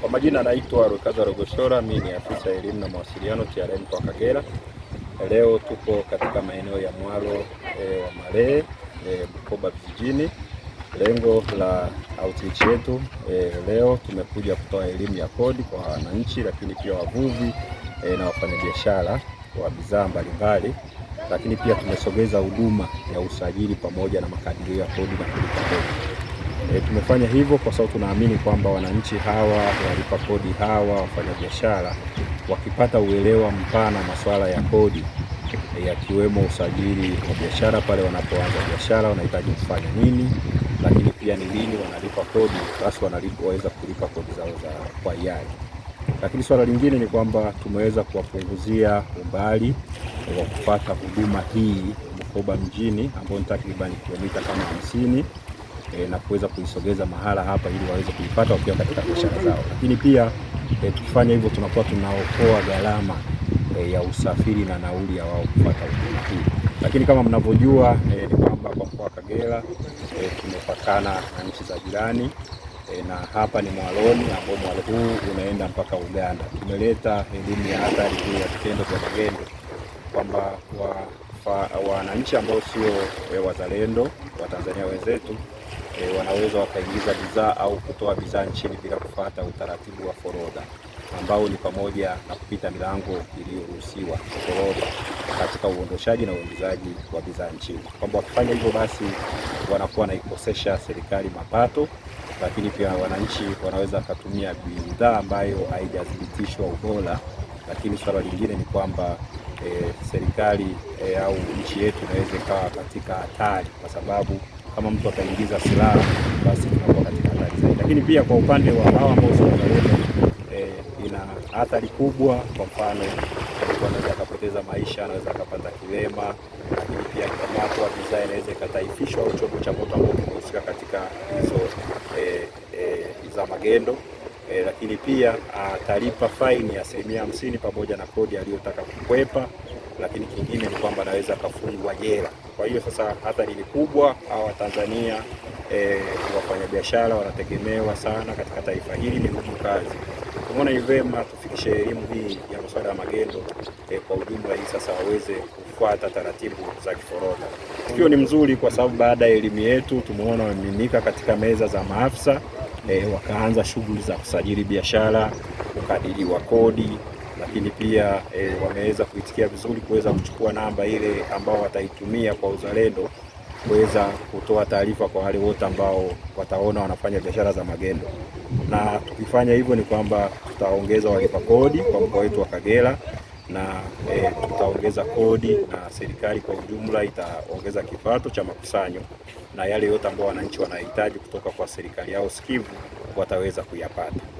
Kwa majina naitwa rukaza Rogoshora, mimi ni afisa elimu na mawasiliano TRA mkoa Kagera. Leo tupo katika maeneo ya mwalo e, eh, wa Malee e, eh, Bukoba vijijini. Lengo la outreach yetu e, leo tumekuja kutoa elimu ya kodi kwa wananchi, lakini pia wavuvi e, na wafanyabiashara wa bidhaa mbalimbali, lakini pia tumesogeza huduma ya usajili pamoja na makadirio ya kodi na kulipa kodi. E, tumefanya hivyo kwa sababu tunaamini kwamba wananchi hawa, walipa kodi hawa, wafanyabiashara wakipata uelewa mpana masuala ya kodi e, yakiwemo usajili wa biashara pale wanapoanza biashara wanahitaji kufanya nini, lakini pia ni lini wanalipa kodi, basi wanaweza kulipa kodi zao za kwa hiari. Lakini swala lingine ni kwamba tumeweza kuwapunguzia umbali wa kupata huduma hii Bukoba mjini ambao ni takribani kilomita kama hamsini e, na kuweza kuisogeza mahala hapa ili waweze kuipata wakiwa katika biashara zao. Lakini pia e, tukifanya hivyo tunakuwa tunaokoa gharama e, ya usafiri na nauli ya wao kupata huduma hii. Lakini kama mnavyojua e, ni kwamba kwa mkoa wa Kagera e, tumepakana na nchi za jirani e, na hapa ni mwaloni ambao mwalo huu unaenda mpaka Uganda. Tumeleta elimu ya athari hii ya vitendo vya magendo kwamba wananchi ambao sio wazalendo wa Tanzania wenzetu e, wanaweza wakaingiza bidhaa au kutoa bidhaa nchini bila kufuata utaratibu wa forodha ambao ni pamoja na kupita milango iliyoruhusiwa forodha katika uondoshaji na uingizaji wa bidhaa nchini, kwamba wakifanya hivyo basi wanakuwa wanaikosesha serikali mapato, lakini pia wananchi wanaweza wakatumia bidhaa ambayo haijathibitishwa ubora. Lakini suala lingine ni kwamba e, serikali e, au nchi yetu inaweza ikawa katika hatari kwa sababu kama mtu ataingiza silaha, basi tunakuwa katika hatari zaidi. Lakini pia kwa upande wa hawa ambao eh, ina athari kubwa. Kwa mfano, mtu anaweza akapoteza maisha, anaweza akapata kilema, lakini pia kikamatwa, bidhaa inaweza ikataifishwa au chombo cha moto ambao kinahusika katika hizo eh, eh, za magendo. E, lakini pia ah, atalipa faini ya asilimia hamsini pamoja na kodi aliyotaka kukwepa lakini kingine ni kwamba anaweza akafungwa jela. Kwa hiyo sasa hata ni kubwa, au Tanzania e, eh, wafanyabiashara wanategemewa sana katika taifa hili, ni ngumu kazi. Tumeona ni vema tufikishe elimu hii ya masuala ya magendo e, kwa ujumla, hii sasa waweze kufuata taratibu za kiforodha. Tukio ni mzuri kwa sababu baada ya elimu yetu tumeona wamiminika katika meza za maafisa e, wakaanza shughuli za kusajili biashara, kukadiriwa kodi lakini pia e, wameweza kuitikia vizuri kuweza kuchukua namba ile ambao wataitumia kwa uzalendo kuweza kutoa taarifa kwa wale wote ambao wataona wanafanya biashara za magendo, na tukifanya hivyo ni kwamba tutaongeza walipa kodi kwa mkoa wetu wa Kagera na e, tutaongeza kodi na serikali kwa ujumla itaongeza kipato cha makusanyo, na yale yote ambao wananchi wanahitaji kutoka kwa serikali yao sikivu wataweza kuyapata.